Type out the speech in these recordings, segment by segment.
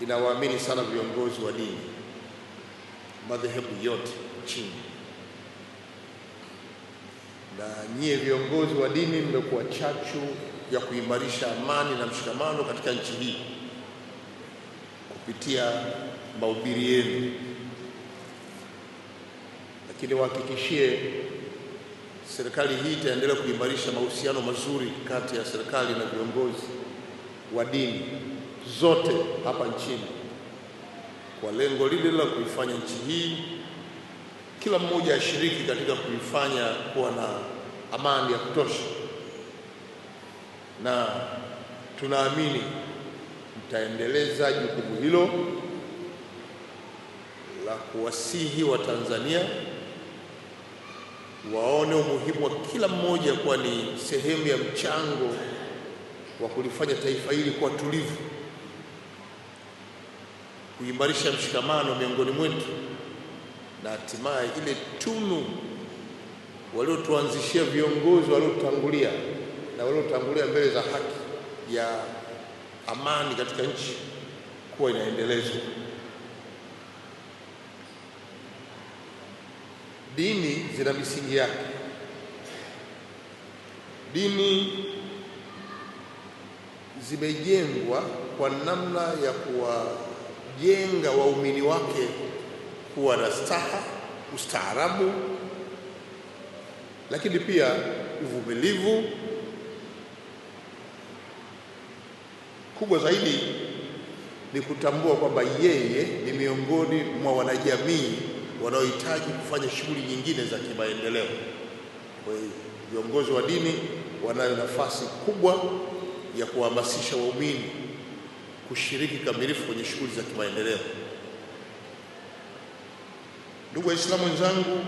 inawaamini sana viongozi wa dini madhehebu yote chini na nyie viongozi wa dini mmekuwa chachu ya kuimarisha amani na mshikamano katika nchi hii kupitia mahubiri yenu, lakini wahakikishie serikali hii itaendelea kuimarisha mahusiano mazuri kati ya serikali na viongozi wa dini zote hapa nchini kwa lengo lile la kuifanya nchi hii kila mmoja ashiriki katika kuifanya kuwa na amani ya kutosha, na tunaamini mtaendeleza jukumu hilo la kuwasihi Watanzania waone umuhimu wa kila mmoja kuwa ni sehemu ya mchango wa kulifanya taifa hili kuwa tulivu kuimarisha mshikamano miongoni mwetu na hatimaye ile tunu waliotuanzishia viongozi waliotangulia na waliotangulia mbele za haki ya amani katika nchi kuwa inaendelezwa. Dini zina misingi yake. Dini zimejengwa kwa namna ya kuwa kujenga waumini wake kuwa na staha, ustaarabu, lakini pia uvumilivu. Kubwa zaidi ni kutambua kwamba yeye ni miongoni mwa wanajamii wanaohitaji kufanya shughuli nyingine za kimaendeleo. Kwa hiyo viongozi wa dini wanayo nafasi kubwa ya kuhamasisha waumini kushiriki kamilifu kwenye shughuli za kimaendeleo. Ndugu Waislamu wenzangu,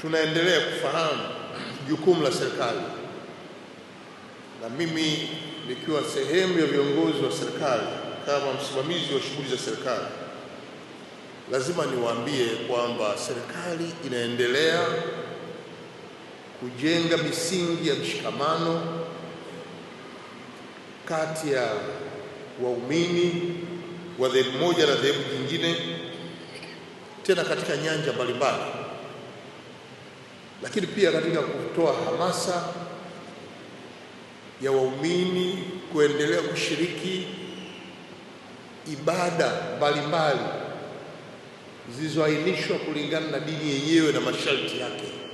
tunaendelea kufahamu jukumu la serikali, na mimi nikiwa sehemu ya viongozi wa serikali kama msimamizi wa shughuli za serikali, lazima niwaambie kwamba serikali inaendelea kujenga misingi ya mshikamano kati ya waumini wa dhehebu moja na dhehebu nyingine tena katika nyanja mbalimbali, lakini pia katika kutoa hamasa ya waumini kuendelea kushiriki ibada mbalimbali zilizoainishwa kulingana na dini yenyewe na masharti yake.